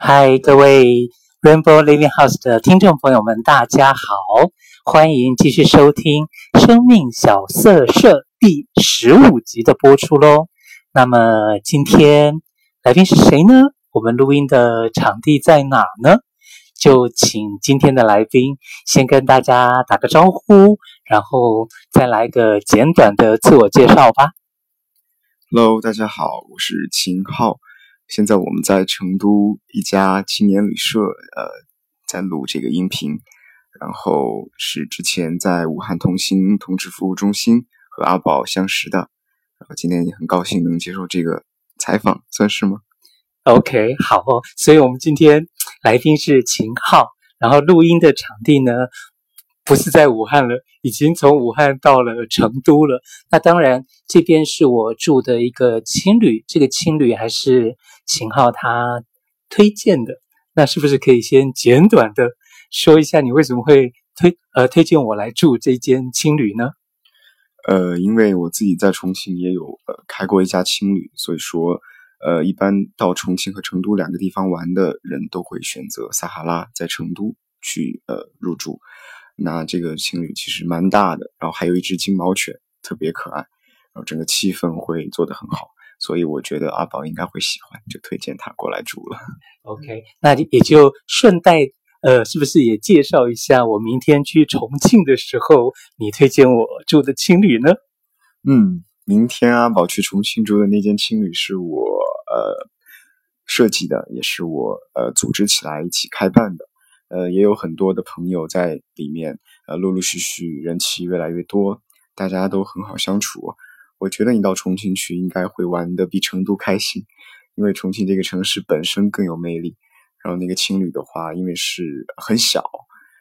嗨，Hi, 各位 Rainbow Living House 的聽眾朋友們，大家好！歡迎繼續收聽《生命小色舍》第十五集的播出嘍。那麼，今天來賓是誰呢？我們錄音的場地在哪呢？就請今天的來賓先跟大家打個招呼，然後再來個簡短的自我介紹吧。Hello，大家好，我是秦浩。現在我們在成都一家青年旅社，呃，在錄這個音頻，然後是之前在武漢同行同志服務中心和阿寶相識的，然後今天也很高興能接受這個採訪，算是嗎？OK，好哦，所以我們今天來賓是秦浩，然後錄音的場地呢？不是在武漢了，已經從武漢到了成都了。那當然，這邊是我住的一個青旅，這個青旅還是秦浩他推薦的。那是不是可以先簡短的說一下，你為什麼會推呃推薦我來住這間青旅呢？呃，因為我自己在重慶也有呃開過一家青旅，所以說呃一般到重慶和成都兩個地方玩的人都會選擇撒哈拉在成都去呃入住。那這個青旅其實蠻大的，然後還有一隻金毛犬，特別可愛，然後整個氣氛會做得很好，所以我覺得阿寶應該會喜歡，就推薦他過來住了。OK，那也就順帶，呃，是不是也介紹一下我明天去重慶的時候你推薦我住的青旅呢？嗯，明天阿寶去重慶住的那間青旅是我呃設計的，也是我呃組織起來一起開辦的。呃，也有很多的朋友在裡面，呃，陸陸續續人氣越來越多，大家都很好相處。我覺得你到重慶去應該會玩得比成都開心，因為重慶這個城市本身更有魅力。然後那個青旅的話，因為是很小，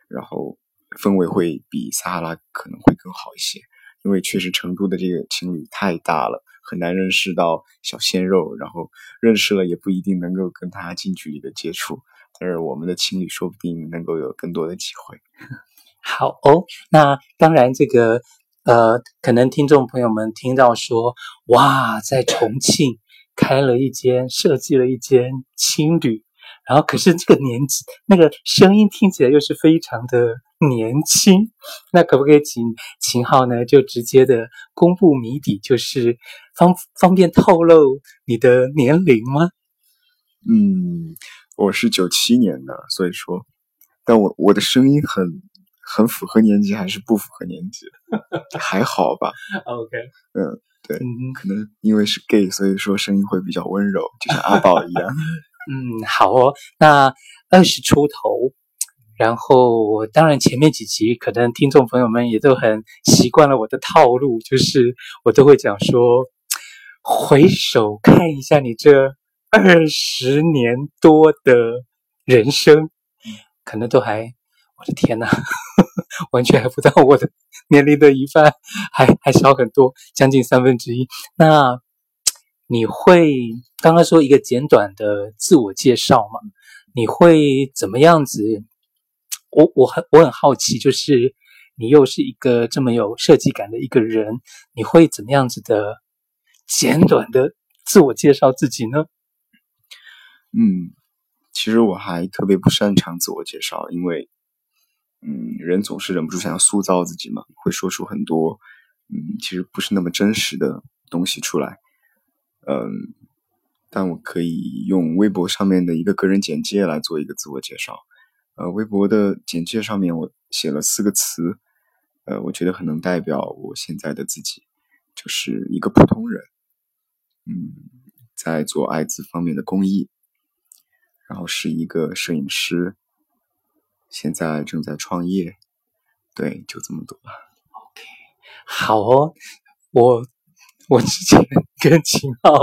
然後氛圍會比撒哈拉可能會更好一些，因為確實成都的這個青旅太大了，很難認識到小鮮肉，然後認識了也不一定能夠跟他近距離的接觸。而我們的青旅說不定能夠有更多的機會。好哦，那當然，這個呃，可能聽眾朋友們聽到說，哇，在重慶開了一間，設計了一間青旅。然後可是這個年紀，嗯、那個聲音聽起來又是非常的年輕，那可不可以請秦浩呢，就直接的公布謎底，就是方方便透露你的年齡嗎？嗯。我是九七年的，所以說，但我我的聲音很很符合年紀，還是不符合年紀，還好吧 ？OK，嗯，對，mm hmm. 可能因為是 gay，所以說聲音會比較溫柔，就像阿寶一樣。 嗯，好哦，那二十出頭，然後我當然前面幾集可能聽眾朋友們也都很習慣了我的套路，就是我都會講說，回首看一下你這。二十年多的人生，可能都還，我的天哪，完全還不到我的年齡的一半，還還少很多，將近三分之一。那你會剛剛說一個簡短的自我介紹嘛，你會怎麼樣子？我我很我很好奇，就是你又是一個這麼有設計感的一個人，你會怎麼樣子的簡短的自我介紹自己呢？嗯，其實我還特別不擅長自我介紹，因為，嗯，人總是忍不住想要塑造自己嘛，會說出很多，嗯，其實不是那麼真實的東西出來。嗯，但我可以用微博上面的一個個人簡介來做一個自我介紹。呃，微博的簡介上面我寫了四個詞，呃，我覺得很能代表我現在的自己，就是一個普通人。嗯，在做艾滋方面的公益。然後是一個攝影師，現在正在創業。對，就這麼多。OK，好哦。我我之前跟秦浩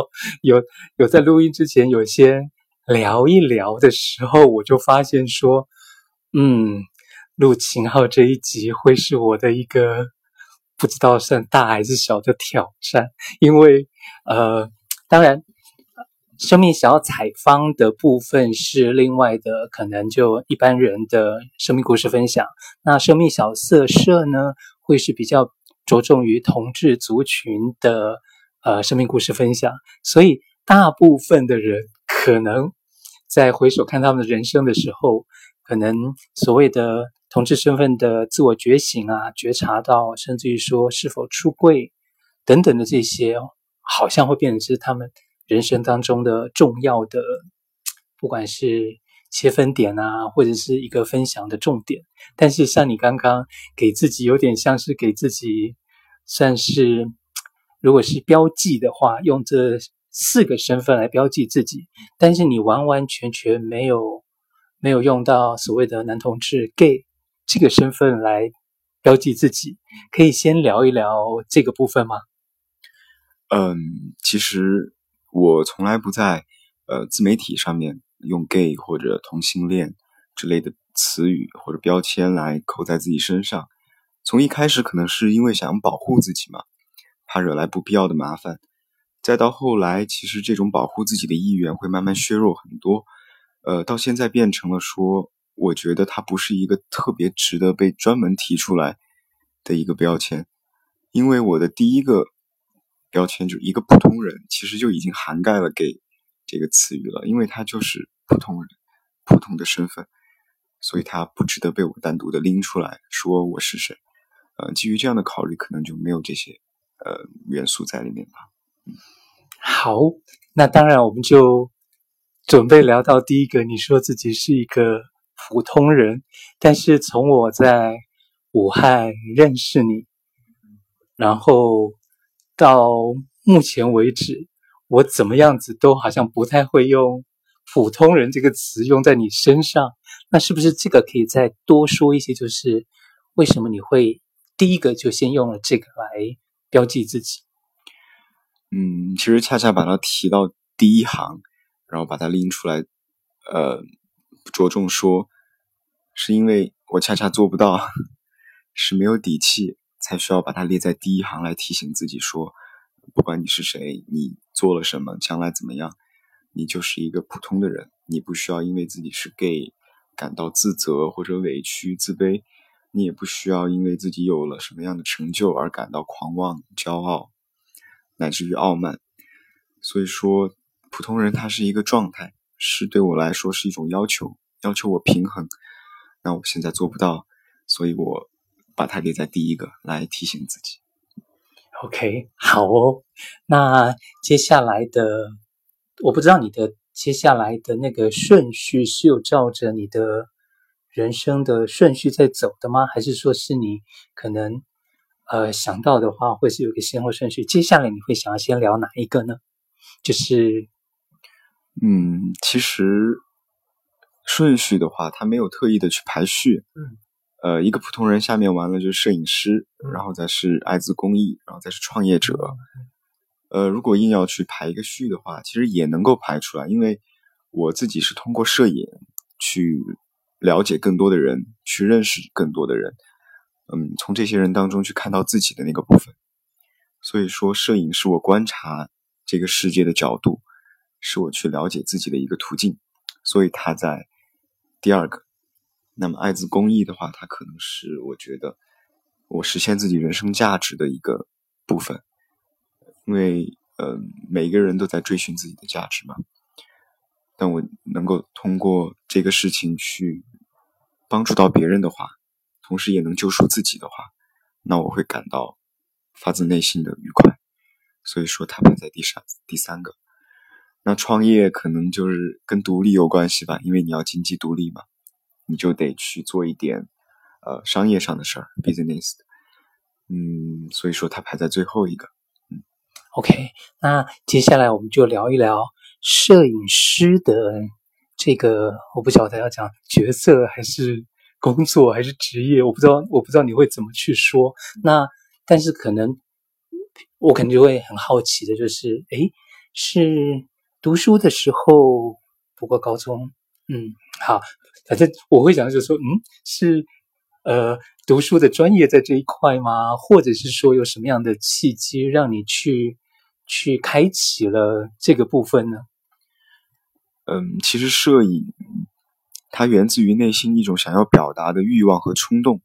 有有在錄音之前有些聊一聊的時候，我就發現說，嗯，錄秦浩這一集會是我的一個不知道算大還是小的挑戰，因為呃，當然。生命小採訪的部分是另外的，可能就一般人的生命故事分享。那生命小色舍呢，會是比較着重於同志族群的呃生命故事分享。所以大部分的人可能在回首看他們的人生的時候，可能所謂的同志身份的自我覺醒啊、覺察到，甚至於說是否出櫃等等的這些，好像會變成是他們。人生當中的重要的，不管是切分點啊，或者是一個分享的重點，但是像你剛剛給自己有點像是給自己算是如果是標記的話，用這四個身份來標記自己，但是你完完全全沒有沒有用到所謂的男同志 gay 這個身份來標記自己，可以先聊一聊這個部分嗎？嗯，其實。我從來不在，呃，自媒體上面用 “gay” 或者同性戀之類的詞語或者標籤來扣在自己身上。從一開始可能是因為想保護自己嘛，怕惹來不必要的麻煩，再到後來，其實這種保護自己的意願會慢慢削弱很多。呃，到現在變成了說，我覺得它不是一個特別值得被專門提出來的一個標籤，因為我的第一個。標籤就一個普通人，其實就已經涵蓋了給這個詞語了，因為他就是普通人，普通的身份，所以他不值得被我單獨的拎出來說我是誰。呃，基於這樣的考慮，可能就沒有這些呃元素在裡面吧。好，那當然我們就準備聊到第一個，你說自己是一個普通人，但是從我在武漢認識你，然後到目前為止，我怎麼樣子都好像不太會用“普通人”這個詞用在你身上，那是不是這個可以再多說一些？就是為什麼你會第一個就先用了這個來標記自己？嗯，其實恰恰把它提到第一行，然後把它拎出來，呃，著重說，是因為我恰恰做不到，是沒有底氣。才需要把它列在第一行來提醒自己說，不管你是誰，你做了什麼，將來怎麼樣，你就是一個普通的人。你不需要因為自己是 gay 感到自責或者委屈、自卑，你也不需要因為自己有了什麼樣的成就而感到狂妄、驕傲，乃至於傲慢。所以說，普通人他是一個狀態，是對我來說是一種要求，要求我平衡。那我現在做不到，所以我。把它列在第一個來提醒自己。OK，好哦。那接下來的，我不知道你的接下來的那個順序是有照着你的人生的順序在走的嗎？還是說是你可能呃想到的話，會是有個先後順序？接下來你會想要先聊哪一個呢？就是嗯，其實順序的話，它沒有特意的去排序。嗯。呃，一個普通人下面完了就是攝影師，然後再是艾滋公益，然後再是創業者。呃，如果硬要去排一個序的話，其實也能夠排出來，因為我自己是通過攝影去了解更多的人，去認識更多的人，嗯，從這些人當中去看到自己的那個部分。所以說，攝影是我觀察這個世界的角度，是我去了解自己的一個途徑。所以他在第二個。那麼，艾滋公益的話，它可能是我覺得我實現自己人生價值的一個部分，因為嗯、呃、每個人都在追尋自己的價值嘛。但我能夠通過這個事情去幫助到別人的話，同時也能救贖自己的話，那我會感到發自內心的愉快。所以說，他排在第三第三個。那創業可能就是跟獨立有關係吧，因為你要經濟獨立嘛。你就得去做一點，呃，商業上的事兒，business。嗯，嗯，所以說它排在最後一個。嗯，OK，那接下來我們就聊一聊攝影師的這個，我不曉得要講角色還是工作還是職業，我不知道，我不知道你會怎麼去說。那但是可能我可能就會很好奇的就是，哎，是讀書的時候，讀過高中。嗯，好。反正我會想，就是說，嗯，是呃，讀書的專業在這一塊嗎？或者是說，有什麼樣的契機讓你去去開啟了這個部分呢？嗯，其實攝影它源自於內心一種想要表達的慾望和衝動。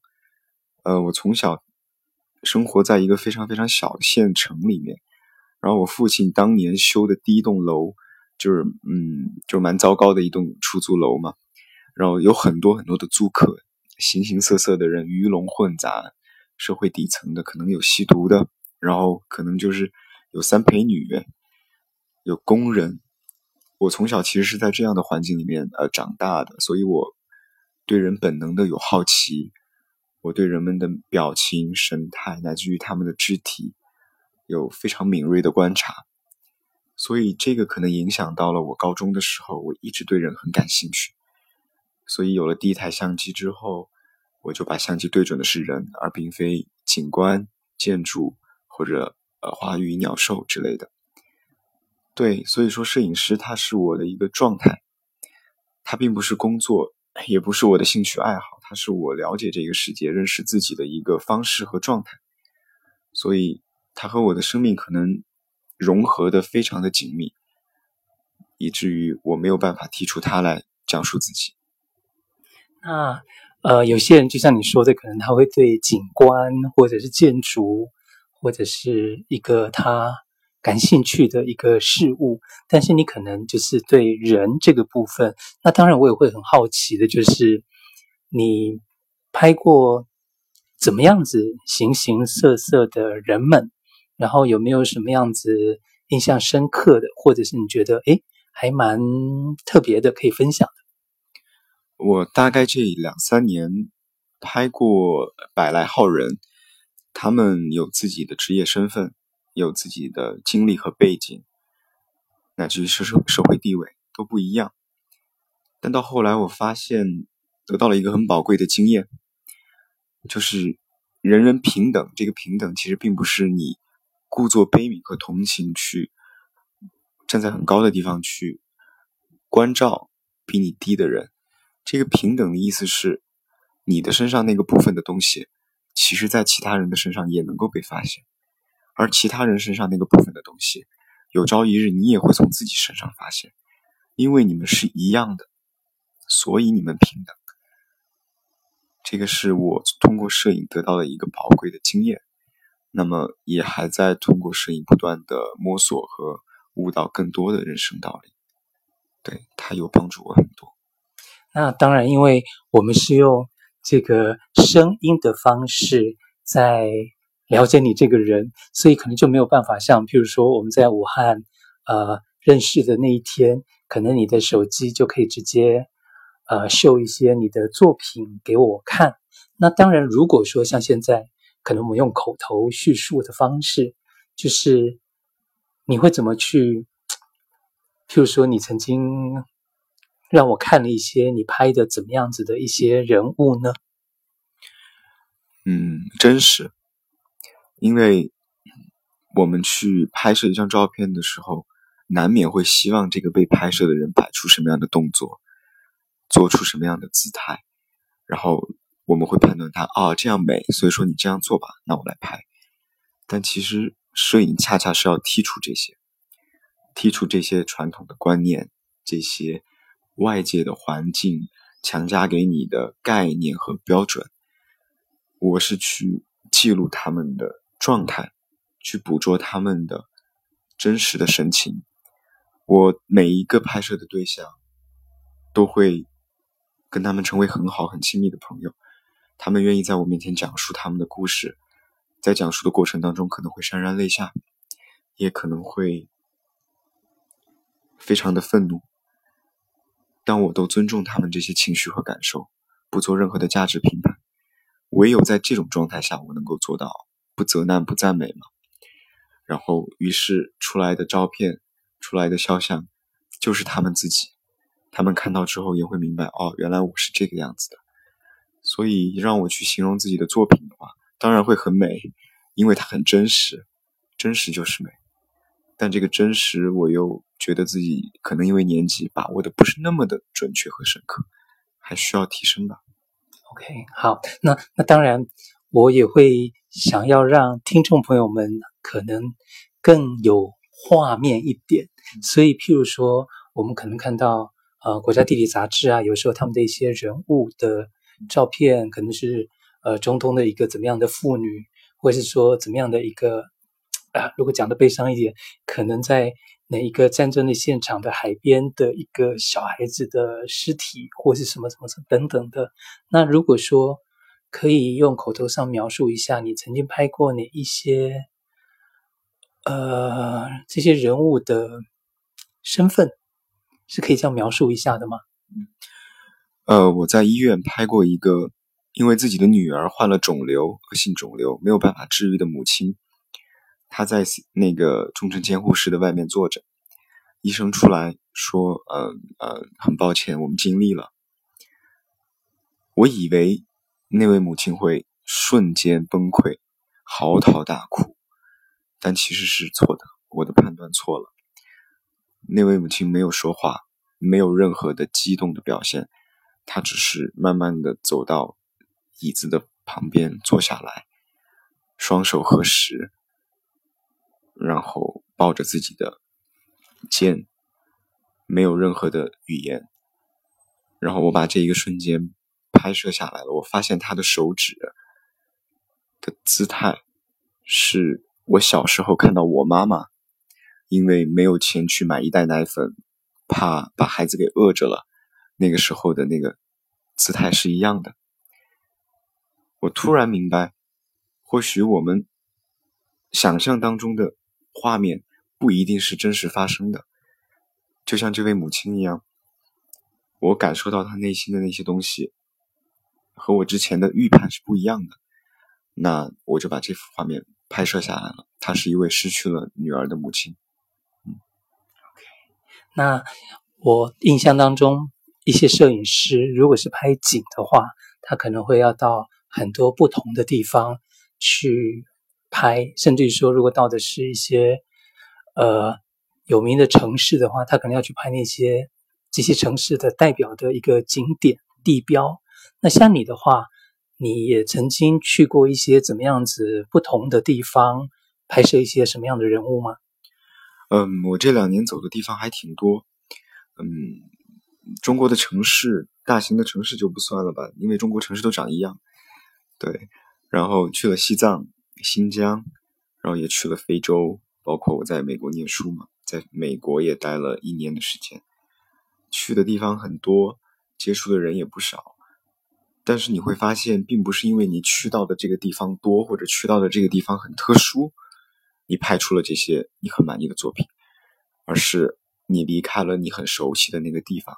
呃，我從小生活在一個非常非常小的縣城裡面，然後我父親當年修的第一棟樓就是，嗯，就蠻糟糕的一棟出租樓嘛。然後有很多很多的租客，形形色色的人魚龍混雜，社會底層的可能有吸毒的，然後可能就是有三陪女，有工人。我從小其實是在這樣的環境裡面呃長大的，所以我對人本能的有好奇，我對人們的表情、神態乃至於他們的肢體有非常敏銳的觀察，所以這個可能影響到了我高中的時候，我一直對人很感興趣。所以有了第一台相機之後，我就把相機對準的是人，而並非景觀、建築或者呃花語鳥獸之類的。對，所以說攝影師他是我的一個狀態，他並不是工作，也不是我的興趣愛好，他是我了解這個世界、認識自己的一個方式和狀態。所以，他和我的生命可能融合得非常的緊密，以至於我沒有辦法剔除他來講述自己。那，呃，有些人就像你說的，可能他會對景觀或者是建築，或者是一個他感興趣的一個事物。但是你可能就是對人這個部分。那當然，我也會很好奇的，就是你拍過怎麼樣子形形色色的人們，然後有沒有什麼樣子印象深刻的，或者是你覺得誒還蠻特別的，可以分享的？我大概這兩三年拍過百來號人，他們有自己的職業身份、有自己的經歷和背景，乃至於社社社會地位都不一樣。但到後來，我發現得到了一個很寶貴的經驗，就是人人平等。這個平等其實並不是你故作悲憫和同情去站在很高的地方去關照比你低的人。這個平等的意思是，你的身上那個部分的東西，其實，在其他人的身上也能夠被發現，而其他人身上那個部分的東西，有朝一日你也會從自己身上發現，因為你們是一樣的，所以你們平等。這個是我通過攝影得到了一個寶貴的經驗，那麼也還在通過攝影不斷的摸索和悟到更多的人生道理，對，它有幫助我很多。那當然，因為我們是用這個聲音的方式在了解你這個人，所以可能就沒有辦法像，譬如說我們在武漢，呃，認識的那一天，可能你的手機就可以直接，呃，秀一些你的作品給我看。那當然，如果說像現在，可能我們用口頭敘述的方式，就是你會怎麼去，譬如說你曾經。讓我看了一些你拍的怎麼樣子的一些人物呢？嗯，真實。因為我們去拍攝一張照片的時候，難免會希望這個被拍攝的人擺出什麼樣的動作，做出什麼樣的姿態，然後我們會判斷他啊這樣美，所以說你這樣做吧，那我來拍。但其實攝影恰恰是要剔除這些，剔除這些傳統的觀念，這些。外界的環境強加給你的概念和標準，我是去記錄他們的狀態，去捕捉他們的真實的神情。我每一個拍攝的對象都會跟他們成為很好、很親密的朋友，他們願意在我面前講述他們的故事，在講述的過程當中，可能會潸然淚下，也可能會非常的憤怒。但我都尊重他們這些情緒和感受，不做任何的價值評判。唯有在這種狀態下，我能夠做到不責難、不讚美嘛。然後，於是出來的照片、出來的肖像，就是他們自己。他們看到之後也會明白，哦，原來我是這個樣子的。所以，讓我去形容自己的作品的話，當然會很美，因為它很真實。真實就是美。但這個真實，我又覺得自己可能因為年紀把握的不是那麼的準確和深刻，還需要提升吧。OK，好，那那當然，我也會想要讓聽眾朋友們可能更有畫面一點，所以譬如說，我們可能看到呃，國家地理雜誌啊，有時候他們的一些人物的照片，可能是呃，中東的一個怎麼樣的婦女，或者是說怎麼樣的一個。啊，如果講的悲傷一點，可能在哪一個戰爭的現場的海邊的一個小孩子的屍體，或是什麼什麼什麼等等的。那如果說可以用口頭上描述一下，你曾經拍過哪一些，呃，這些人物的身份，是可以這樣描述一下的嗎？嗯，呃，我在醫院拍過一個因為自己的女兒患了腫瘤惡性腫瘤，沒有辦法治癒的母親。他在那個重症監護室的外面坐着，醫生出來說：“嗯、呃、嗯、呃，很抱歉，我們盡力了。”我以為那位母親會瞬間崩潰，嚎啕大哭，但其實是錯的，我的判斷錯了。那位母親沒有說話，沒有任何的激動的表現，她只是慢慢的走到椅子的旁邊坐下來，雙手合十。然後抱着自己的肩，沒有任何的語言。然後我把這一個瞬間拍攝下來了。我發現他的手指的姿態，是我小時候看到我媽媽，因為沒有錢去買一袋奶粉，怕把孩子給餓着了，那個時候的那個姿態是一樣的。我突然明白，或許我們想象當中的。畫面不一定是真實發生的，就像這位母親一樣，我感受到她內心的那些東西和我之前的預判是不一樣的。那我就把這幅畫面拍攝下來了。她是一位失去了女兒的母親。嗯。OK，那我印象當中，一些攝影師如果是拍景的話，他可能會要到很多不同的地方去。拍，甚至於說，如果到的是一些呃有名的城市的話，他可能要去拍那些這些城市的代表的一個景點地標。那像你的話，你也曾經去過一些怎麼樣子不同的地方，拍攝一些什麼樣的人物嗎？嗯，我這兩年走的地方還挺多。嗯，中國的城市，大型的城市就不算了吧，因為中國城市都長一樣。對，然後去了西藏，新疆，然後也去了非洲，包括我在美國念書嘛，在美國也待了一年的時間，去的地方很多，接觸的人也不少，但是你會發現，並不是因為你去到的這個地方多，或者去到的這個地方很特殊，你拍出了這些你很滿意的作品，而是你離開了你很熟悉的那個地方，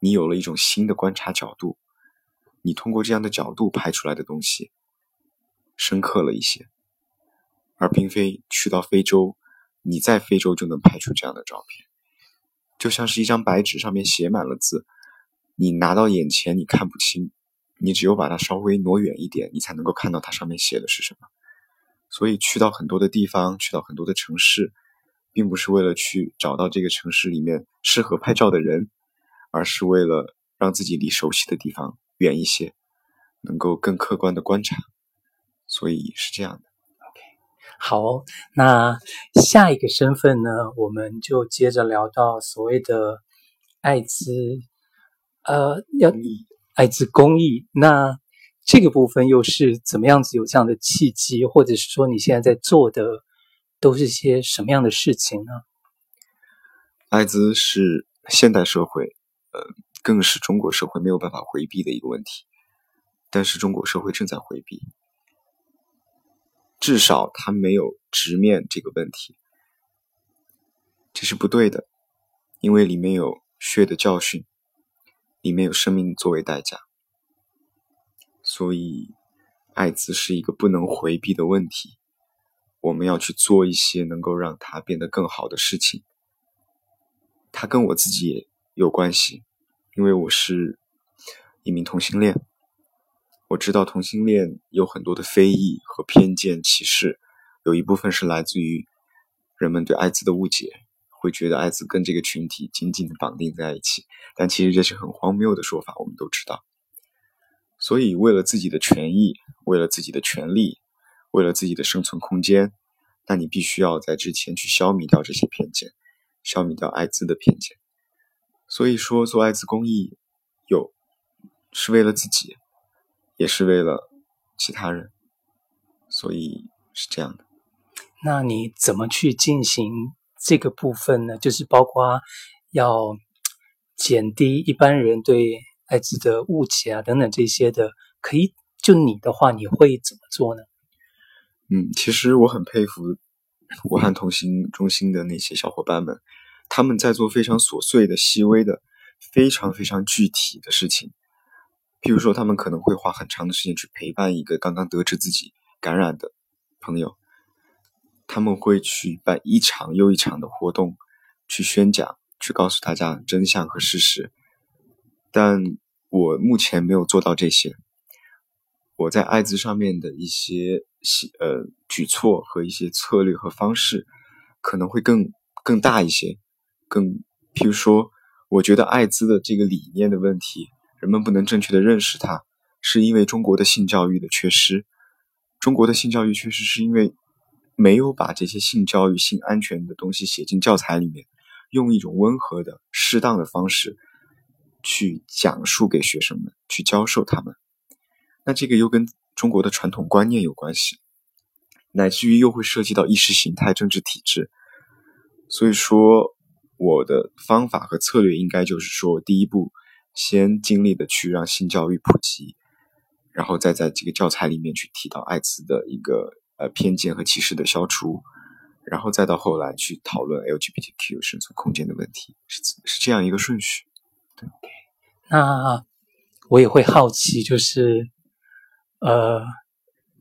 你有了一種新的觀察角度，你通過這樣的角度拍出來的東西，深刻了一些，而並非去到非洲，你在非洲就能拍出這樣的照片。就像是一張白紙上面寫滿了字，你拿到眼前你看不清，你只有把它稍微挪遠一點，你才能夠看到它上面寫的是什麼。所以去到很多的地方，去到很多的城市，並不是為了去找到這個城市裡面適合拍照的人，而是為了讓自己離熟悉的地方遠一些，能夠更客觀的觀察。所以是這樣的，OK。好，那下一個身份呢？我們就接着聊到所謂的艾滋，呃，艾滋艾滋公益。那這個部分又是怎麼樣子有這樣的契機，或者是說你現在在做的都是些什麼樣的事情呢？艾滋是現代社會，呃，更是中國社會沒有辦法回避的一個問題，但是中國社會正在回避。至少他沒有直面這個問題，這是不對的，因為裡面有血的教訓，裡面有生命作為代價，所以，艾滋是一個不能回避的問題，我們要去做一些能夠讓它變得更好的事情。它跟我自己也有關係，因為我是一名同性戀。我知道同性戀有很多的非議和偏見、歧視，有一部分是來自於人們對艾滋的誤解，會覺得艾滋跟這個群體緊緊的綁定在一起，但其實這是很荒謬的說法，我們都知道。所以為了自己的權益、為了自己的權利、為了自己的生存空間，那你必須要在之前去消弭掉這些偏見，消弭掉艾滋的偏見。所以說，做艾滋公益有，是為了自己。也是為了其他人，所以是這樣的。那你怎麼去進行這個部分呢？就是包括要減低一般人對艾滋的誤解啊，等等這些的，可以就你的話，你會怎麼做呢？嗯，其實我很佩服武漢同行中心的那些小夥伴們，他們在做非常瑣碎的、細微的、非常非常具體的事情。譬如說，他們可能會花很長的時間去陪伴一個剛剛得知自己感染的朋友，他們會去辦一場又一場的活動，去宣講，去告訴大家真相和事實。但我目前沒有做到這些，我在艾滋上面的一些呃舉措和一些策略和方式，可能會更更大一些，更譬如說，我覺得艾滋的這個理念的問題。人們不能正確地認識它，是因為中國的性教育的缺失。中國的性教育確實是因為沒有把這些性教育、性安全的東西寫進教材裡面，用一種溫和的、適當的方式去講述給學生們，去教授他們。那這個又跟中國的傳統觀念有關係，乃至於又會涉及到意識形態、政治體制。所以說，我的方法和策略應該就是說，第一步。先盡力的去讓性教育普及，然後再在這個教材裡面去提到艾滋的一個呃偏見和歧視的消除，然後再到後來去討論 LGBTQ 生存空間的問題，是是這樣一個順序。對，那我也會好奇，就是呃，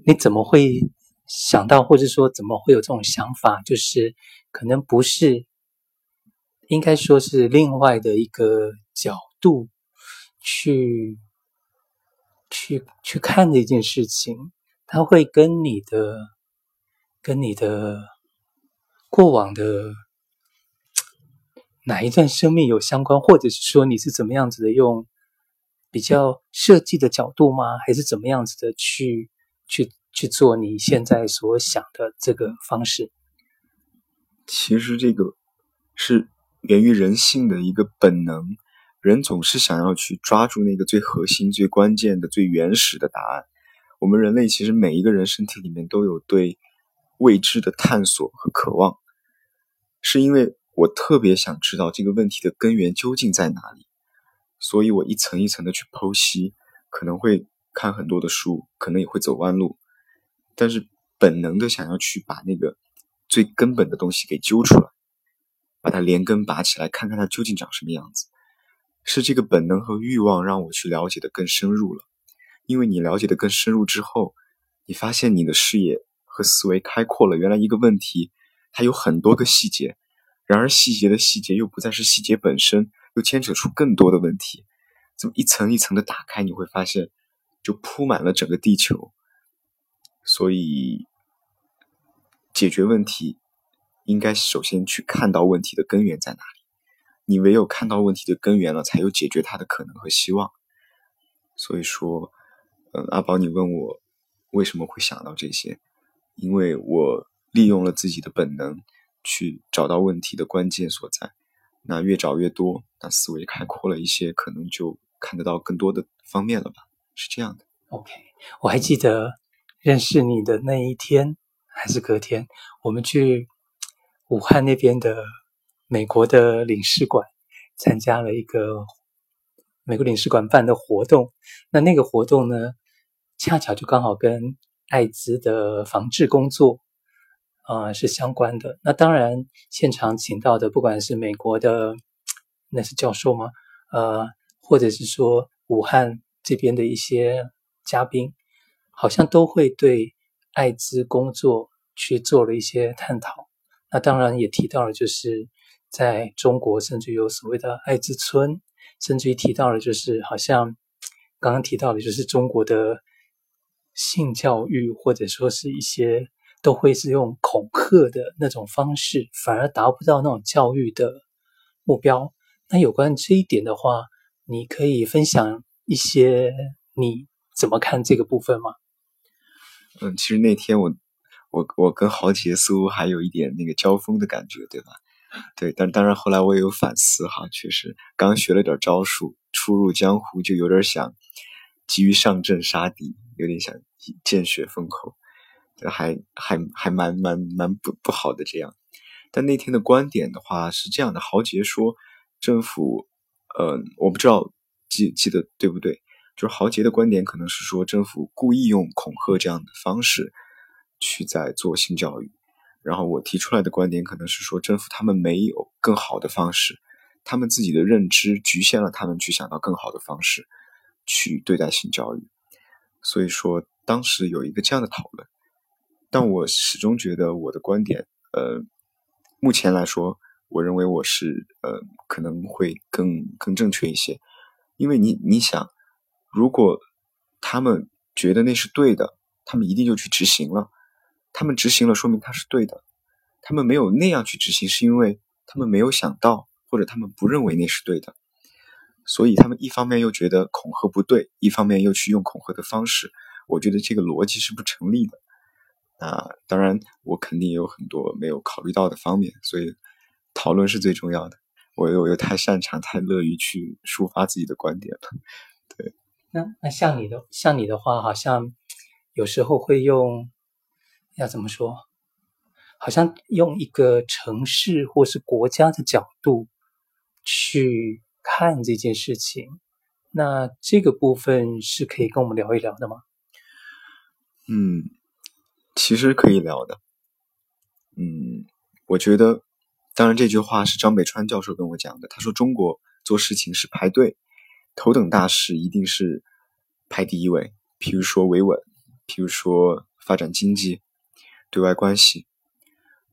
你怎麼會想到，或者說怎麼會有這種想法？就是可能不是，應該說是另外的一個角度。去去去看這件事情，它會跟你的跟你的過往的哪一段生命有相關，或者是說你是怎麼樣子的用比較設計的角度嗎？還是怎麼樣子的去去去做你現在所想的這個方式？其實這個是源於人性的一個本能。人總是想要去抓住那個最核心、最關鍵的、最原始的答案。我們人類其實每一個人身體裡面都有對未知的探索和渴望，是因為我特別想知道這個問題的根源究竟在哪裡，所以我一層一層的去剖析，可能會看很多的書，可能也會走彎路，但是本能的想要去把那個最根本的東西給揪出來，把它連根拔起來，看看它究竟長什麼樣子。是這個本能和慾望讓我去了解的更深入了，因為你了解的更深入之後，你發現你的視野和思維開闊了。原來一個問題它有很多個細節，然而細節的細節又不再是細節本身，又牽扯出更多的問題。這麼一層一層的打開，你會發現，就鋪滿了整個地球。所以，解決問題，應該首先去看到問題的根源在哪裡。你唯有看到問題的根源了，才有解決它的可能和希望。所以說，嗯，阿寶，你問我為什麼會想到這些？因為我利用了自己的本能，去找到問題的關鍵所在。那越找越多，那思維開闊了一些，可能就看得到更多的方面了吧。是這樣的。OK，我還記得認識你的那一天，還是隔天，我們去武漢那邊的。美國的領事館參加了一個美國領事館辦的活動，那那個活動呢，恰巧就剛好跟艾滋的防治工作啊，呃，是相關的。那當然，現場請到的不管是美國的，那是教授嗎？呃，或者是說武漢這邊的一些嘉賓，好像都會對艾滋工作去做了一些探討。那當然也提到了，就是。在中國，甚至有所謂的“愛之春”，甚至於提到了，就是好像剛剛提到的，就是中國的性教育，或者說是一些都會是用恐嚇的那種方式，反而達不到那種教育的目標。那有關這一點的話，你可以分享一些你怎麼看這個部分嗎？嗯，其實那天我我我跟豪杰似乎還有一點那個交鋒的感覺，對吧？對，但當然後來我也有反思哈，確實剛學了點招數，初入江湖就有點想急於上陣殺敵，有點想見血封口，這還還還蠻蠻蠻不不好的這樣。但那天的觀點的話是這樣的，豪杰說政府，嗯、呃，我不知道記記得對不對，就是豪杰的觀點可能是說政府故意用恐嚇這樣的方式去在做性教育。然後我提出來的觀點可能是說，政府他們沒有更好的方式，他們自己的認知局限了他們去想到更好的方式去對待性教育。所以說，當時有一個這樣的討論，但我始終覺得我的觀點，呃，目前來說，我認為我是呃可能會更更正確一些，因為你你想，如果他們覺得那是對的，他們一定就去執行了。他們執行了，說明他是對的。他們沒有那樣去執行，是因為他們沒有想到，或者他們不認為那是對的。所以他們一方面又覺得恐嚇不對，一方面又去用恐嚇的方式。我覺得這個邏輯是不成立的。啊，當然，我肯定也有很多沒有考慮到的方面，所以討論是最重要的。我又我又太擅長、太樂於去抒發自己的觀點了。對，那那像你的像你的話，好像有時候會用。要怎麼說？好像用一個城市或是國家的角度去看這件事情，那這個部分是可以跟我們聊一聊的嗎？嗯，其實可以聊的。嗯，我覺得，當然這句話是張北川教授跟我講的。他說：“中國做事情是排隊，頭等大事一定是排第一位。譬如說維穩，譬如說發展經濟。”對外關係，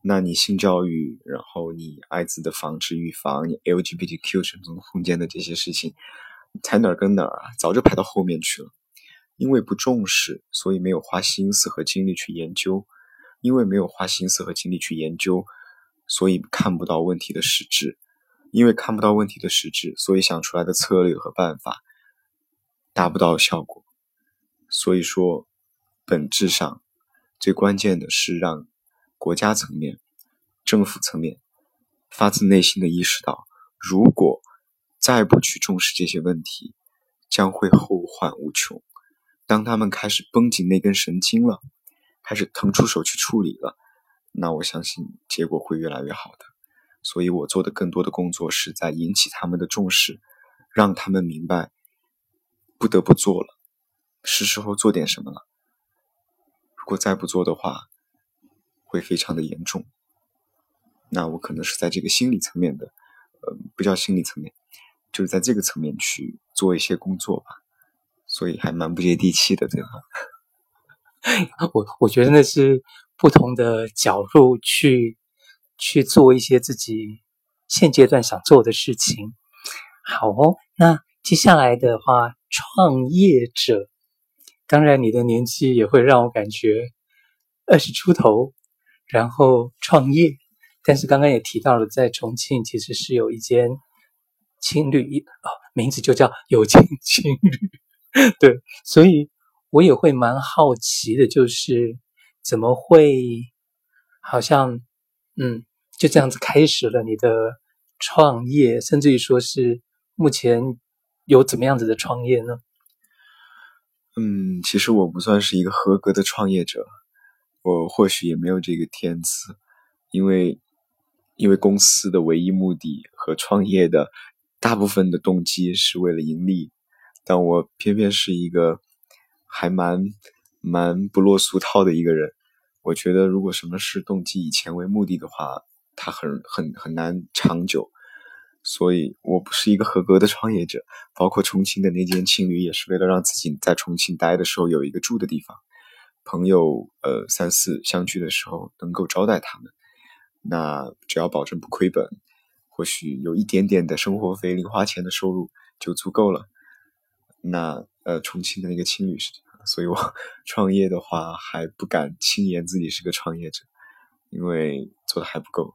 那你性教育，然後你艾滋的防治預防，你 LGBTQ 生存空間的這些事情，才哪兒跟哪兒啊？早就排到後面去了。因為不重視，所以沒有花心思和精力去研究；因為沒有花心思和精力去研究，所以看不到問題的實質；因為看不到問題的實質，所以想出來的策略和辦法達不到效果。所以說，本質上。最關鍵的是讓國家層面、政府層面發自內心的意識到，如果再不去重視這些問題，將會後患無窮。當他們開始繃緊那根神經了，開始騰出手去處理了，那我相信結果會越來越好的。所以，我做的更多的工作是在引起他們的重視，讓他們明白不得不做了，是時候做點什麼了。如果再不做的話，會非常的嚴重。那我可能是在這個心理層面的，呃，不叫心理層面，就是在這個層面去做一些工作吧。所以還蠻不接地氣的，對吧？我我覺得那是不同的角度去去做一些自己現階段想做的事情。好哦，那接下來的話，創業者。當然，你的年紀也會讓我感覺二十出頭，然後創業。但是剛剛也提到了，在重慶其實是有一間青旅哦，名字就叫有情青旅。對，所以我也會蠻好奇的，就是怎麼會好像嗯就這樣子開始了你的創業，甚至於說，是目前有怎麼樣子的創業呢？嗯，其實我不算是一個合格的創業者，我或許也沒有這個天資，因為，因為公司的唯一目的和創業的大部分的動機是為了盈利，但我偏偏是一個還蠻蠻不落俗套的一個人，我覺得如果什麼事動機以錢為目的的話，它很很很難長久。所以，我不是一個合格的創業者。包括重慶的那間青旅，也是為了讓自己在重慶待的時候有一個住的地方，朋友呃三四相聚的時候能夠招待他們。那只要保證不虧本，或許有一點點的生活費、零花錢的收入就足夠了。那呃，重慶的那個青旅是，所以我創業的話還不敢輕言自己是個創業者，因為做得還不夠。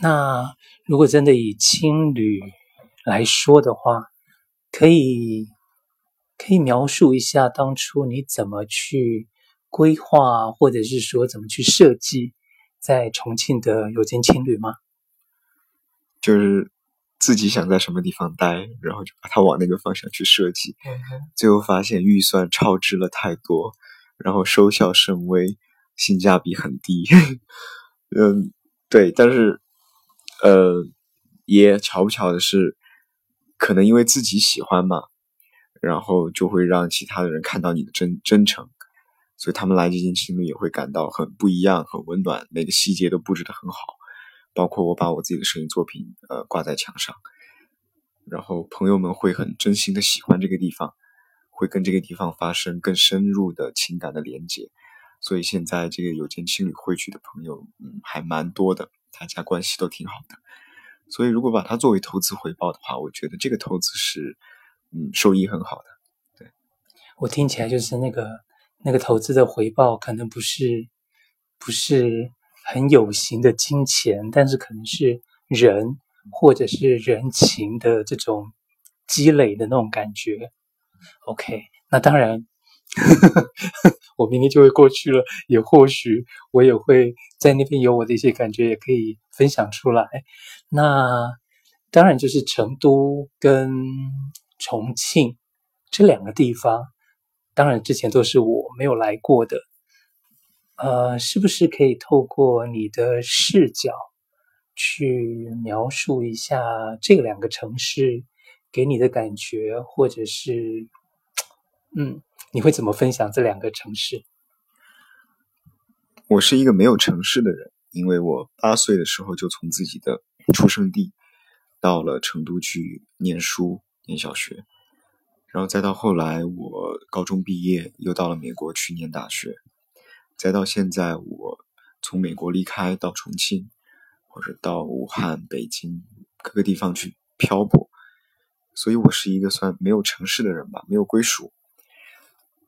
那如果真的以青旅來說的話，可以可以描述一下當初你怎麼去規劃，或者是說怎麼去設計在重慶的有間青旅嗎？就是自己想在什麼地方待，然後就把它往那個方向去設計，嗯、哼最後發現預算超支了太多，然後收效甚微，性價比很低。 嗯。對，但是，呃，也巧不巧的是，可能因為自己喜歡嘛，然後就會讓其他的人看到你的真真誠，所以他們來這間青旅也會感到很不一樣、很溫暖，每個細節都布置得很好，包括我把我自己的攝影作品呃掛在牆上，然後朋友們會很真心的喜歡這個地方，會跟這個地方發生更深入的情感的連接。所以現在這個有間青旅匯聚的朋友，嗯，還蠻多的，大家關係都挺好的。所以如果把它作為投資回報的話，我覺得這個投資是，嗯，收益很好的。對，我聽起來就是那個那個投資的回報可能不是不是很有形的金錢，但是可能是人或者是人情的這種積累的那種感覺。OK，那當然。呵呵呵， 我明天就會過去了，也或許我也會在那邊有我的一些感覺，也可以分享出來。那當然就是成都跟重慶這兩個地方，當然之前都是我沒有來過的。呃，是不是可以透過你的視角去描述一下這兩個城市給你的感覺，或者是嗯？你會怎麼分享這兩個城市？我是一個沒有城市的人，因為我八歲的時候就從自己的出生地到了成都去念書念小學，然後再到後來我高中畢業又到了美國去念大學，再到現在我從美國離開到重慶或者到武漢、北京各個地方去漂泊，所以我是一個算沒有城市的人吧，沒有歸屬。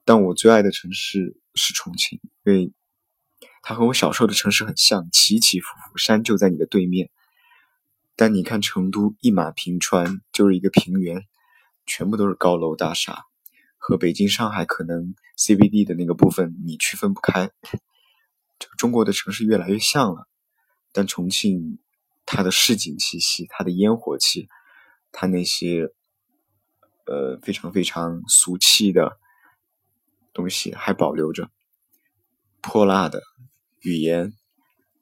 但我最愛的城市是重慶，因為它和我小時候的城市很像，起起伏伏，山就在你的對面。但你看成都一馬平川，就是一個平原，全部都是高樓大廈，和北京、上海可能 CBD 的那個部分你區分不開。這中國的城市越來越像了，但重慶它的市井氣息、它的煙火氣、它那些呃非常非常俗氣的。東西還保留着潑辣的語言，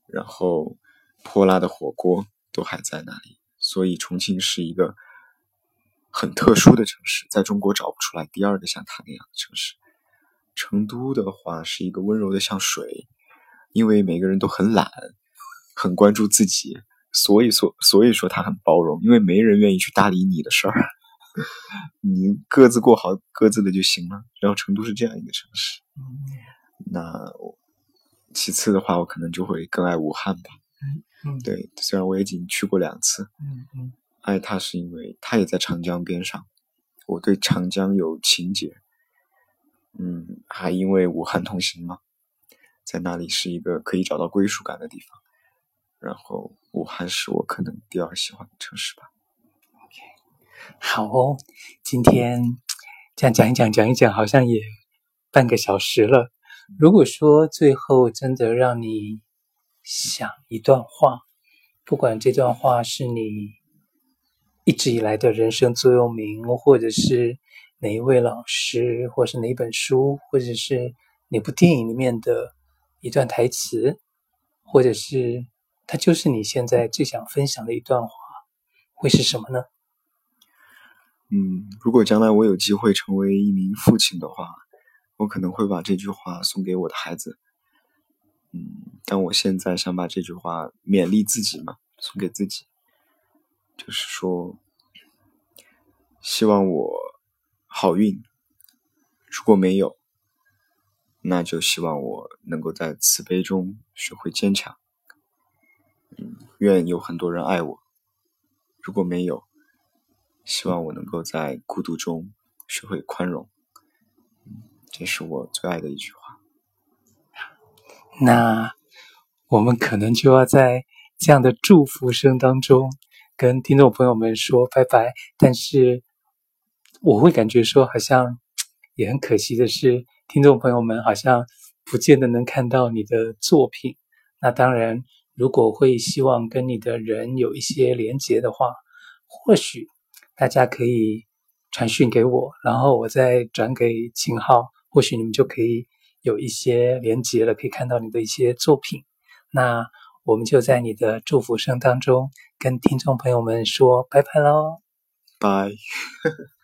然後潑辣的火鍋都還在那裡。所以重慶是一個很特殊的城市，在中國找不出來第二個像它那樣的城市。成都的話是一個溫柔的像水，因為每個人都很懶，很關注自己，所以說所以說它很包容，因為沒人願意去搭理你的事兒。 你各自過好各自的就行了。然後成都是這樣一個城市。那我其次的話，我可能就會更愛武漢吧。嗯，對，雖然我也已經去過兩次。嗯嗯，愛它是因為它也在長江邊上，我對長江有情結。嗯，還因為武漢同行嘛，在那裡是一個可以找到歸屬感的地方。然後武漢是我可能第二喜歡的城市吧。好哦，今天這樣講一講，講一講，好像也半個小時了。如果說最後真的讓你想一段話，不管這段話是你一直以來的人生座右銘，或者是哪一位老師，或者是哪本書，或者是哪部電影裡面的一段台詞，或者是它就是你現在最想分享的一段話，會是什麼呢？嗯，如果將來我有機會成為一名父親的話，我可能會把這句話送給我的孩子。嗯，但我現在想把這句話勉勵自己嘛，送給自己，就是說，希望我好運。如果沒有，那就希望我能夠在慈悲中學會堅強。嗯，願有很多人愛我。如果沒有，希望我能夠在孤獨中學會寬容，嗯，這是我最愛的一句話。那我們可能就要在這樣的祝福聲當中跟聽眾朋友們說拜拜。但是我會感覺說，好像也很可惜的是，聽眾朋友們好像不見得能看到你的作品。那當然，如果會希望跟你的人有一些連結的話，或許。大家可以傳訊給我，然後我再轉給秦浩，或許你們就可以有一些連接了，可以看到你的一些作品。那我們就在你的祝福聲當中跟聽眾朋友們說拜拜嘍，拜。Bye.